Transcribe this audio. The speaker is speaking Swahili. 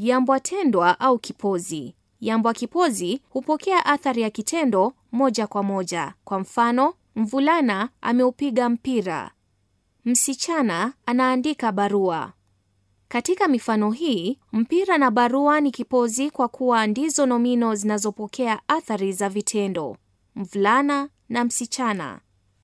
Yambwa tendwa au kipozi. Yambwa kipozi hupokea athari ya kitendo moja kwa moja. Kwa mfano, mvulana ameupiga mpira, msichana anaandika barua. Katika mifano hii, mpira na barua ni kipozi kwa kuwa ndizo nomino zinazopokea athari za vitendo mvulana na msichana.